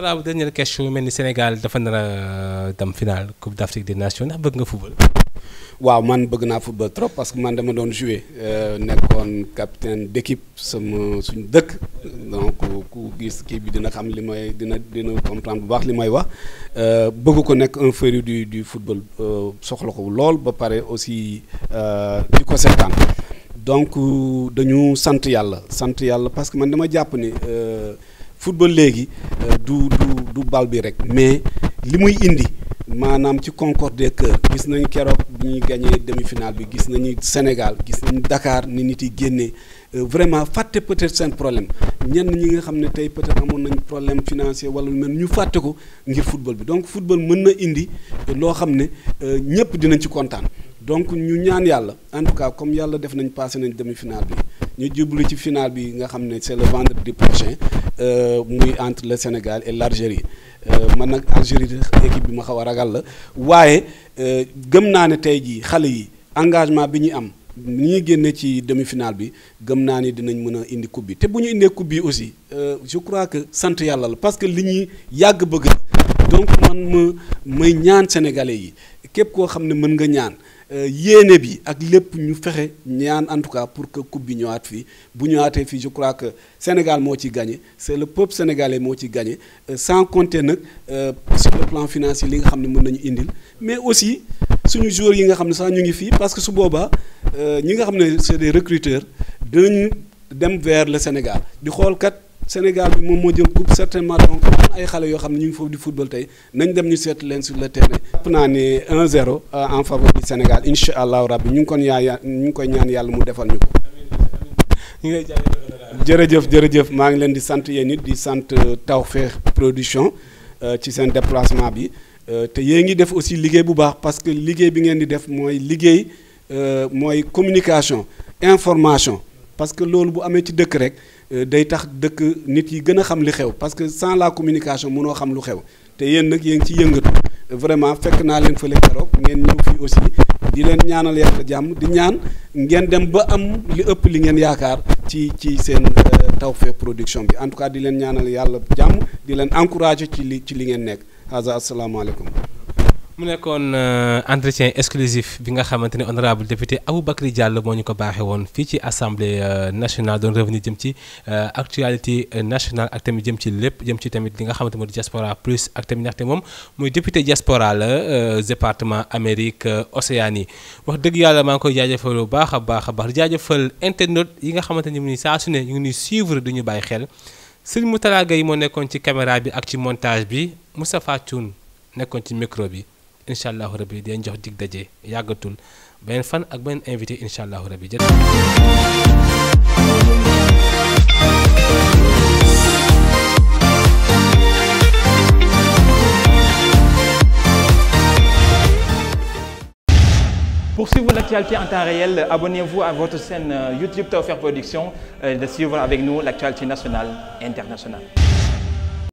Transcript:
honorable dernière question mel ni Sénégal dafa nar a euh, dem final Coupe d'Afrique des Nations ndax bëgg nga football. waaw man bëgg naa football trop parce que man dama doon jouer euh, nekkoon capitaine d'équipe sama dëkk donc ku gis kii bi dina xam li may dina dina comprendre bu baax li may wax euh, bëgg ko nekk un féru du du football soxla ko lool ba pare aussi di ko seetaan donc dañu sant yàlla sant yàlla parce que man dama jàpp ni. football léegi euh, du du du bal bi rek mais li muy indi maanaam ci concorde des cœurs gis nañ keroog bi ñuy gagné demi-finale bi gis nañu Sénégal gis nañu Dakar ni nit yi génne euh, vraiment fàtte peut-être seen problème ñenn ñi nga xam ne tey peut-être amoon nañ problème financier wala lu mel ñu fàtte ko ngir football bi donc football mën na indi te euh, loo xam ne ñëpp dinañ ci kontaan donc ñu ñaan yàlla en tout cas comme yàlla def nañ passé nañ demi-finale bi. ñu jublu ci final bi nga xam ne c'est le vendredi prochain euh, muy entre le Sénégal et l'Algérie euh, man nag Algérie équipe bi ma xaw a ragal la waaye euh, gëm naa ne tey jii xale yi engagement bi ñu am ni ñuy génne ci demi-finale bi gëm naa ni dinañ mën a indi coupe te bu ñu indee coupe bi aussi je crois que sant yàlla la parce que li ñuy yàgg bëgg donc man ma may ñaan sénégalais yi képp koo xam ne mën nga ñaan euh, yéene bi ak lépp ñu fexe ñaan en tout cas pour que coupe bi ñëwaat fii bu ñëwaatee fii je crois que Sénégal moo ci gañe c'est le peuple sénégalais moo ci gañe euh, sans compter nag euh, sur le plan financier li nga xam ne mën nañu indil mais aussi suñu joueurs yi nga xam ne sax ñu ngi fii parce que su boobaa ñi nga xam ne c'est des recruteurs dinañu dem vers le Sénégal di xool kat. Sénégal bi moom moo jëm coupe certainement donc am ay xale yoo xam ne ñu ngi foofu di football tey nañ dem ñu seet leen su le terrain. jàpp naa ne 1-0 euh, en faveur du Sénégal incha allah rabbi ñu ngi kon yaa ñu ngi koy ñaan yàlla mu defal ñu ko. jërëjëf jërëjëf maa ngi leen di sant yéen it di sant euh, Tawfekh Production euh, ci seen déplacement bi te yéen ngi def aussi liggéey bu baax parce que liggéey bi ngeen di def mooy liggéey mooy communication information parce que loolu bu amee ci dëkk rek. Euh, day tax dëkk nit yi gën a xam li xew parce que sans la communication munoo xam lu xew te yéen nag yéen ci yëngatu vraiment fekk naa leen fële keroog ngeen ñëw fii aussi di leen ñaanal yàlla jàmm di ñaan ngeen dem ba am li ëpp li ngeen yaakaar ci ci seen euh, Tawfekh Production bi en tout cas di leen ñaanal yàlla jàmm di leen encourager ci li ci li ngeen nekk asa asalaamaaleykum mu nekkoon euh, entretien exclusif bi nga xamante ne honorable député Aboubacry Diallo moo ñu ko baaxee woon fii ci assemblée euh, nationale doon revenu jëm ci euh, actualité nationale ak tamit jëm ci lépp jëm ci tamit li nga xamante moo di diaspora plus moom muy député diaspora la département Amérique Océanie wax dëgg yàlla maa ngi koy jaajëfal bu baax a baax a baax di jaajëfal internet yi nga xamante ni mu ni saa ne ñu ngi ñuy suivre du ñu bàyyi xel Serigne Moutala Gueye moo nekkoon ci caméra bi ak ci montage bi Moustapha Thioune nekkoon ci micro bi incha allahu jox dig daje invité incha allahu rabi jërëjëf. Pour suivre l'actualité en temps réel, abonnez-vous à votre chaîne euh, YouTube Tawfekh Production euh, de suivre avec nous l'actualité nationale internationale.